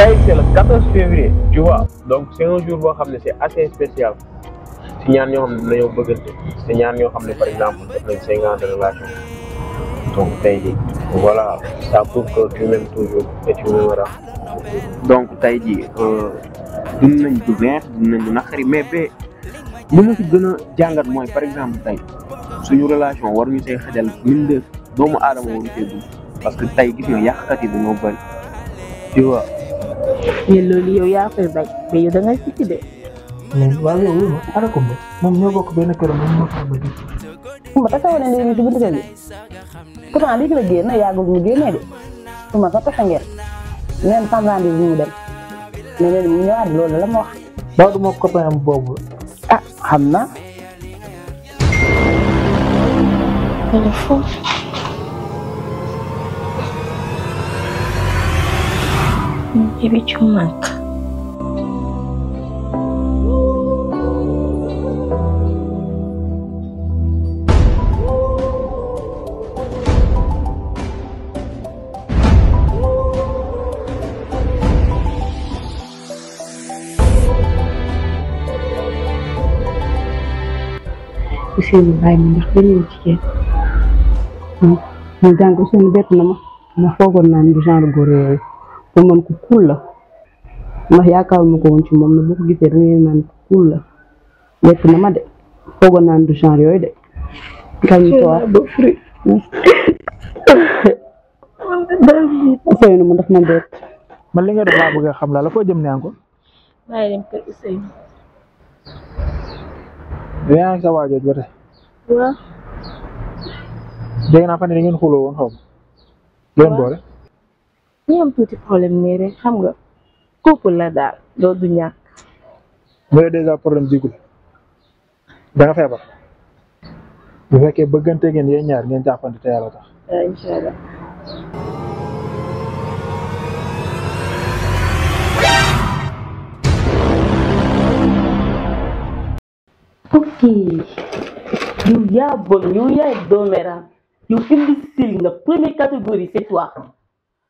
tay c'est le 14 février tu vois donc c'est un jour bo xamné c'est assez spécial si ñaan ñoo xamné dañu bëggante si ñaan ñoo xamné par exemple def nañ 5 ans de relation donc tay di voilà ça prouve que tu m'aimes toujours et tu me m'aimeras donc tay di euh dund nañ du neex dund nañ du naqari mais bé li mu si gëna a jàngat mooy par exemple tay suñu relation war ñu say min def doomu aadama waru cee dund parce que tay gis nga yàqkat yi dañoo bëri tu vois mais loolu yow yaa koy bañ mais yow da ngay de. mais waaye yow ma ala ko mbay moom ñoo bokk benn këram moom moo tax ba ma tax a wane ne léegi ci buntu kër gi pourtant lii mu ma ko taxa ngeen neen sans rendez vous ñu dem la ma wax. du ma copain am boobu. ah xam na. gibi çomak. үсээ бай мэдэрхэн юм чигээ. Мөн дан гүсэн бэт намаа. Нахог орнан гижаар гөрөө. ko man ko kul la ma yaakaaruma mako won ci mom ne bu ko gisse da ngay nan kul la nek na ma de fogo nan du genre yoy de kan kañ toog do fri Ousseynou mo ndax man bet man li nga do la bëgg a xam la la ko jëm nee ko may dem ko Ousseynou yaa sa wajjo ba Wa waaw dégg naa fan ne ngeen xulo won xaw Ngeen leen boole ñi am tuuti problème nii rek xam nga couple la daal loolu du ñàkk. bu dee dèjà problème jigul da feebar bu fekkee bëggante ngeen yéen ñaar ngeen jàppante te yàlla tax. incha allah.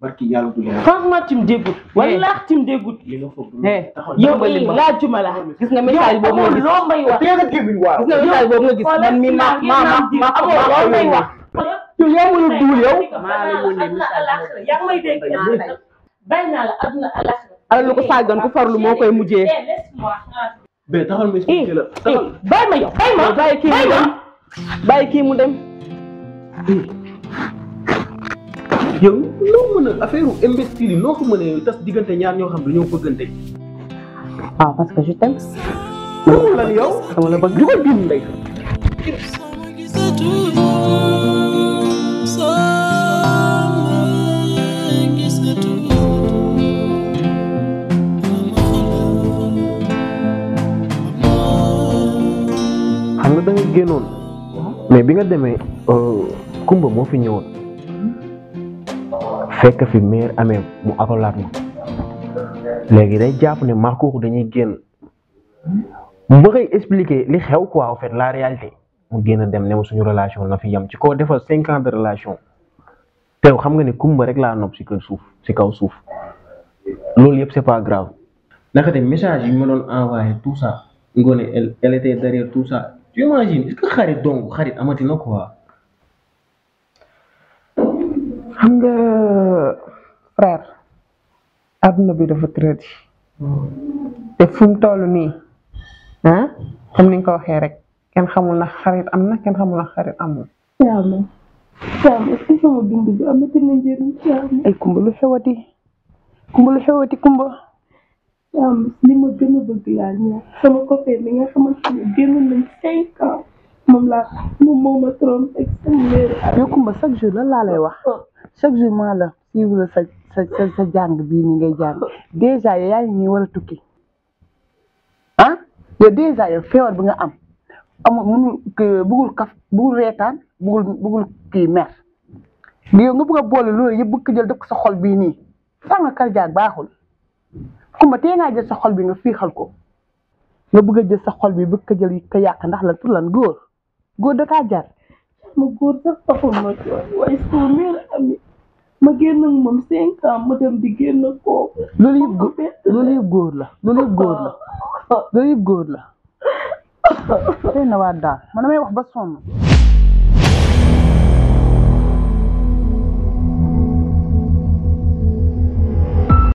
barki yàlla du yàlla franchement tim dégoûte eh. wallaahi tim dégoûte eh. yow i eh, laa juma la gis nga message boobu nga gis loo may wax gis nga message boobu nga gis man mi ma ma ma amoo loo may wax yow yaa mën a duul yow yaa may dégg bay naa la aduna alaxira alal lu ko sàggan ku farlu moo koy mujjee mais ah. taxal ma expliqué la bay ma yow bay ma bay kii mu dem bay kii mu dem yow loo mën a affaire investir yi noo ko mënee tas diggante ñaar ñoo xam dañoo bëggante. waaw parce que je t'aime. loolu lan yow dama la bëgg jugal nga da nga mais bi nga demee euh, Kumba moo fi ñëwoon. fekk fi meer amee mu akolaat ma léegi day jàpp ne maa kooku dañuy génn mu koy li xew quoi en fait la mu génn dem ne ma suñu relation na fi yam ci ko defal cinq ans de relation teew xam nga ne kumba rek laa nopp ci kaw suuf si kaw suuf loolu yëpp c'est pas grave. naka te message yi ma doon envoyé tout ça ngoone elle était derrière tout est que xarit donc xarit amati na quoi. xam nga frère adduna bi dafa tëradi te fu mu toll nii ah, comme ni nga ko waxee rek kenn xamul na xarit am na kenn xamul na xarit amul. Thiam Thiam est-ce que sama dund bi am na tamit njëriñ Thiam. ay kumba lu xewati kumba lu a bëgg laa chaque jour lan laa lay wax. Oh, chaque la suivre sa sa sa jàng bii ni ngay jàng dèjà yow yaa ngi nii war a tukki ah yow dèjà yow feebar bi nga am amul mënul bëggul kaf bëggul reetaan bëggul bëggul kii nga bëgg a boole loolu yëpp bëgg jël def ko sa xol bii nii xam nga kar jaag baaxul kumba tee ngaa jël sa xol bi nga fiixal ko nga bëgg jël sa xol bi bëgg ko jël ka yàq ndax la pour lan góor góor da kaa jar ma góor sax taxul ma jooy waaye sama mère ma génn ak moom cinq ma dem di génn kooku. loolu yëpp góor loolu yëpp góor la loolu yëpp góor la loolu yëpp góor la. tey na waa daal man damay wax ba sonn.